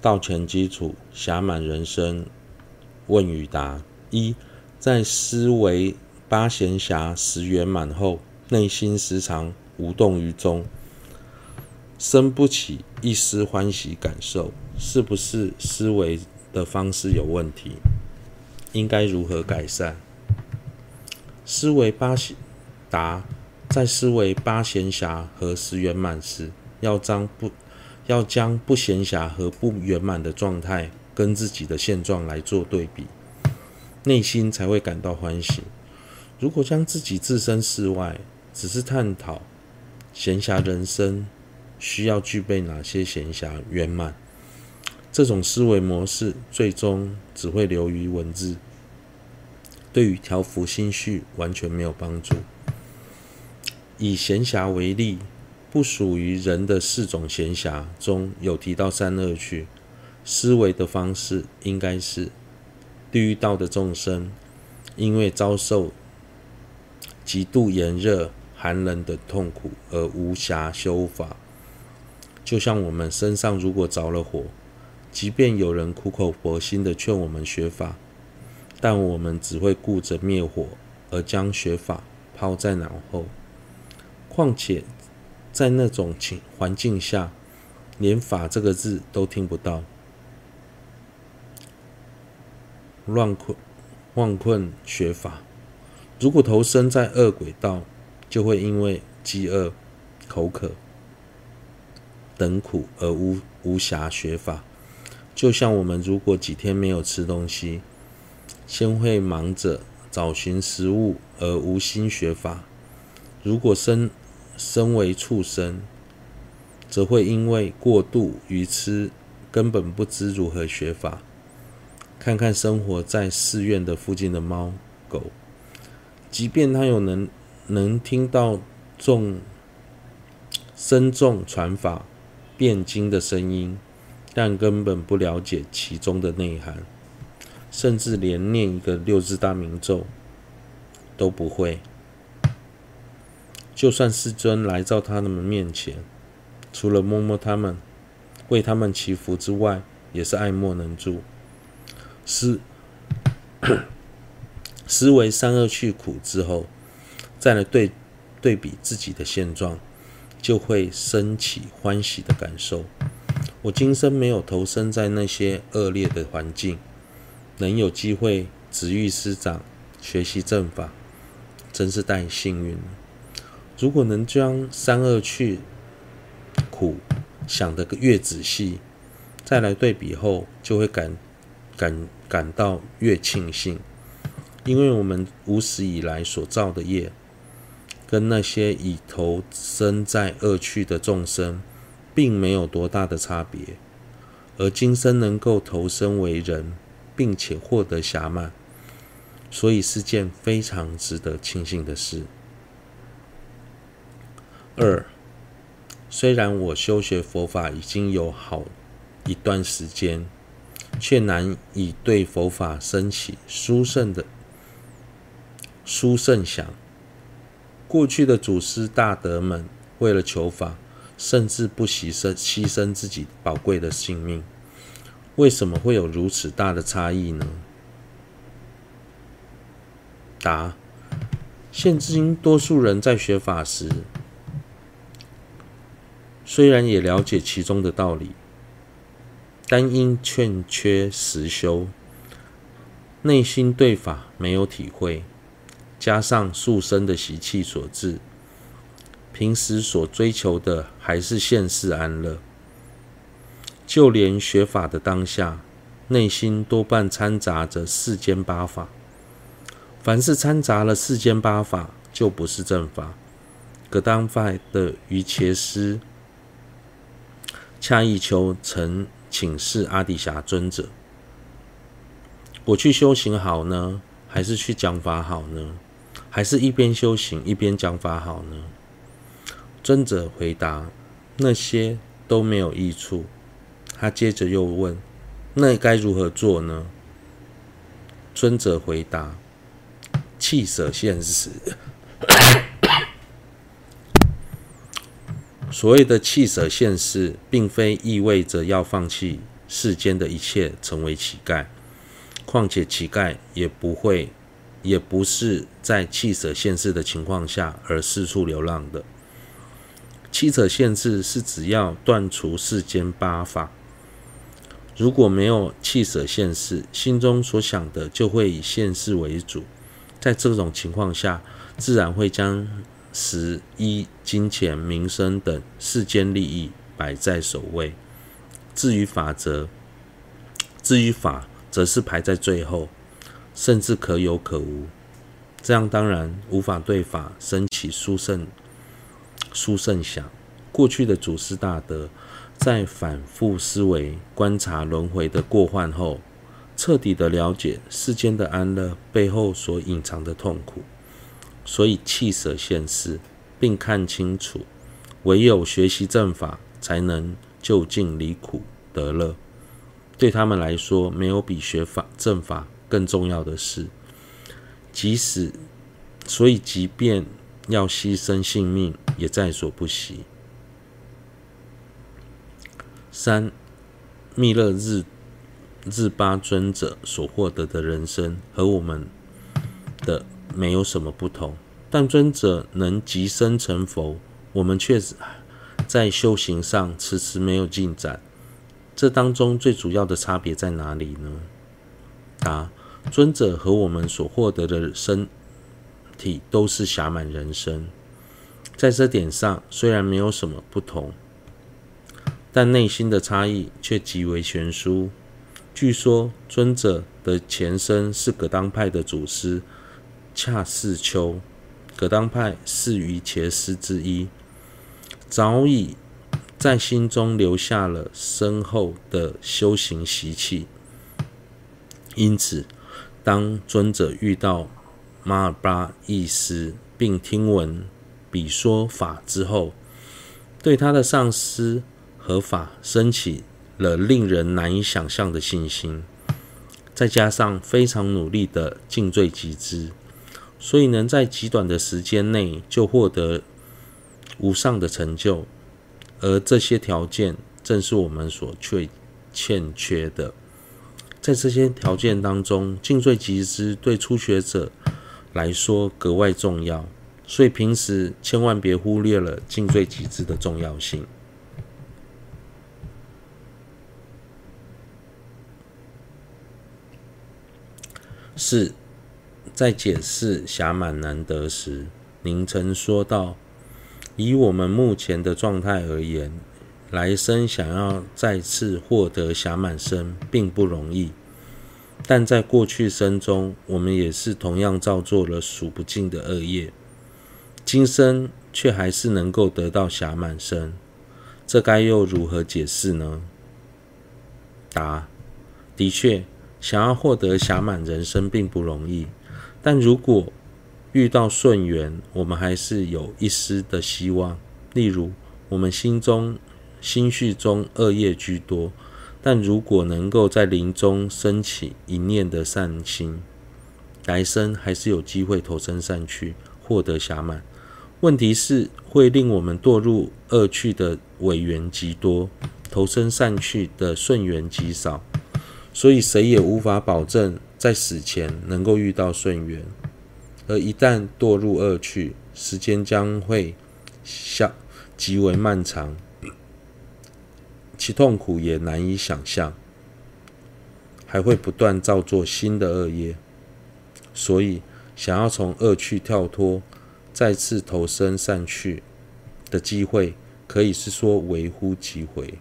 道前基礎，暇滿人身。問與答：一，在思維八閒暇十圓滿後，內心時常無動於衷，生不起一絲歡喜感受，是不是思維的方式有問題？應該如何改善？思維八閒暇。答：在思維八閒暇和十圓滿時，要將不要將不閒暇和不圓滿的狀態跟自己的現狀來做對比，內心才會感到歡喜。如果將自己置身事外，只是探討閒暇，暇人生需要具備哪些閒暇圓滿，這種思維模式最終只會流於文字，對於調伏心緒完全沒有幫助。以閒暇為例。不屬於人的四種閒暇中有提到三惡趣思維的方式，應該是地獄道的眾生因為遭受極度炎熱、寒冷的痛苦而無暇修法。就像我們身上如果着了火，即便有人苦口婆心地勸我們學法，但我們只會顧着滅火，而將學法拋在腦後。況且。在那種情、環境下，連法這個字都聽不到，亂困妄困學法。如果投生在餓鬼道，就會因為飢餓、口渴等苦而無無暇學法。就像我們如果幾天沒有吃東西，先會忙着找尋食物，而無心學法。如果生。身為畜生，則會因為過度愚癡，根本不知如何學法。看看生活在寺院的附近的貓狗，即便他有能能聽到眾生眾傳法、辯經的聲音，但根本不了解其中的內涵，甚至連念一個六字大明咒都不會。就算世尊來到他們面前，除了摸摸他們、為他們祈福之外，也是愛莫能助。思思維三惡趣苦之後，再來對對比自己的現狀，就會升起歡喜的感受。我今生沒有投身在那些惡劣的環境，能有機會值遇師長、學習正法，真是太幸運了。如果能將三惡趣苦想得越仔細，再來對比後，就會感感感到越慶幸，因為我們無始以來所造的業，跟那些已投生在惡趣的眾生，並沒有多大的差別，而今生能夠投生為人，並且獲得暇滿，所以是件非常值得慶幸的事。二，雖然我修學佛法已經有好一段時間，卻難以對佛法生起殊勝的殊勝想。過去的祖師大德們為了求法，甚至不惜犧牲自己寶貴的性命。為什麼會有如此大的差異呢？答：現今多數人在學法時，雖然也了解其中的道理，但因欠缺實修，內心對法沒有體會，加上宿生的習氣所致，平時所追求的還是現世安樂。就連學法的當下，內心多半摻雜着世間八法。凡是摻雜了世間八法，就不是正法。噶當派的瑜伽師恰一秋曾請示阿底峽尊者：“我去修行好呢，還是去講法好呢？還是一邊修行一邊講法好呢？”尊者回答：“那些都沒有益處。”他接着又問：“那該如何做呢？”尊者回答：“棄捨現世。” 所謂的棄捨現世，並非意味着要放棄世間的一切，成為乞丐。況且乞丐也不會，也不是在棄捨現世的情況下而四處流浪的。棄捨現世是只要斷除世間八法。如果沒有棄捨現世，心中所想的就會以現世為主，在這種情況下，自然會將食衣金錢、名聲等世間利益擺在首位，至於法則，至於法則是排在最後，甚至可有可無。這樣當然無法對法生起殊勝、殊勝想。過去的祖師大德，在反覆思維、觀察輪回的過患後，徹底的了解世間的安樂背後所隱藏的痛苦。所以棄捨現世，並看清楚唯有學習正法才能就近離苦得樂。對他們來說，沒有比學法正法更重要的事。即使，所以，即便要犧牲性命，也在所不惜。三，密勒日日巴尊者所獲得的人生和我們的。沒有什麼不同，但尊者能即身成佛，我們卻在修行上遲遲沒有進展。這當中最主要的差別在哪裡呢？答、啊：尊者和我們所獲得的身體都是暇滿人身，在這點上雖然沒有什麼不同，但內心的差異卻極為懸殊。據說尊者的前身是葛當派的祖師。恰似秋，葛當派是瑜伽師之一，早已在心中留下了深厚的修行習氣。因此，當尊者遇到馬爾巴譯師，並聽聞彼說法之後，對他的上師和法生起了令人難以想象的信心。再加上非常努力的淨罪集資。所以能在極短的時間內就獲得無上的成就，而這些條件正是我們所缺欠缺的。在這些條件當中，淨罪集資對初學者來說格外重要，所以平時千萬別忽略了淨罪集資的重要性。是。在解釋“暇滿難得”時，您曾說道：“以我們目前的狀態而言，來生想要再次獲得暇滿身並不容易。但在過去生中，我們也是同樣造作了數不盡的惡業，今生却還是能夠得到暇滿身，這該又如何解釋呢？”答：“的確，想要獲得暇滿人生並不容易。”但如果遇到順緣，我們還是有一絲的希望。例如，我們心中心緒中惡業居多，但如果能夠在臨終升起一念的善心，來生還是有機會投生善趣，獲得暇滿。問題是，會令我們墮入惡趣的違緣極多，投生善趣的順緣極少，所以誰也無法保證。在死前能夠遇到順緣，而一旦墮入惡趣，時間將會像極為漫長，其痛苦也難以想象，還會不斷造作新的惡業。所以，想要從惡趣跳脫，再次投身善趣的機會，可以是說微乎其微。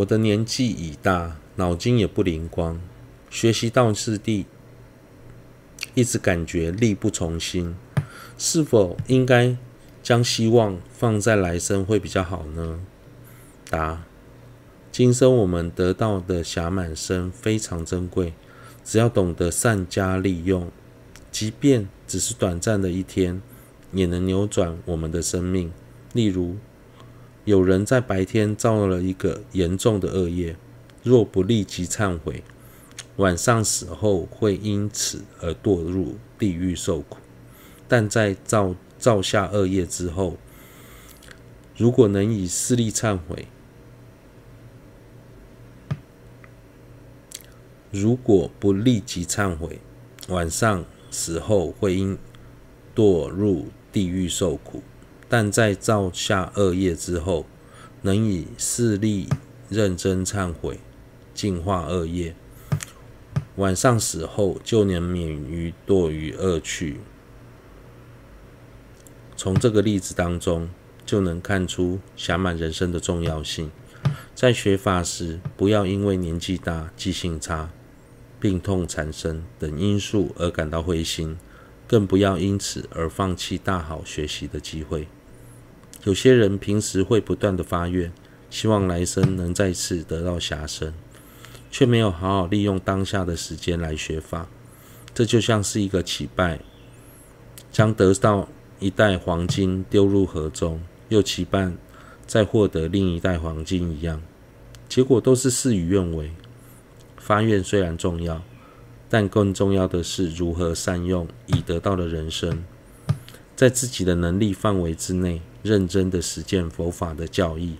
我的年紀已大，腦筋也不靈光，學習道次第，一直感覺力不從心，是否應該將希望放在來生會比較好呢？答：今生我們得到的暇滿身非常珍貴，只要懂得善加利用，即便只是短暫的一天，也能扭轉我們的生命。例如。有人在白天造了一個嚴重的惡業，若不立即懺悔，晚上死後會因此而墮入地獄受苦。但在造造下惡業之後，如果能以四力懺悔，如果不立即懺悔，晚上死後會因墮入地獄受苦。但在造下惡業之後，能以四力認真懺悔，淨化惡業，晚上死後就能免於墮於惡趣。從這個例子當中，就能看出暇滿人生的重要性。在學法時，不要因為年紀大、記性差、病痛纏身等因素而感到灰心，更不要因此而放棄大好學習的機會。有些人平時會不斷的發願，希望來生能再次得到暇身，卻沒有好好利用當下的時間來學法。這就像是一個乞丐，將得到一袋黃金丟入河中，又期盼再獲得另一袋黃金一樣，結果都是事與願違。發願雖然重要，但更重要的是如何善用已得到的人生。在自己的能力範圍之內，認真的實踐佛法的教義。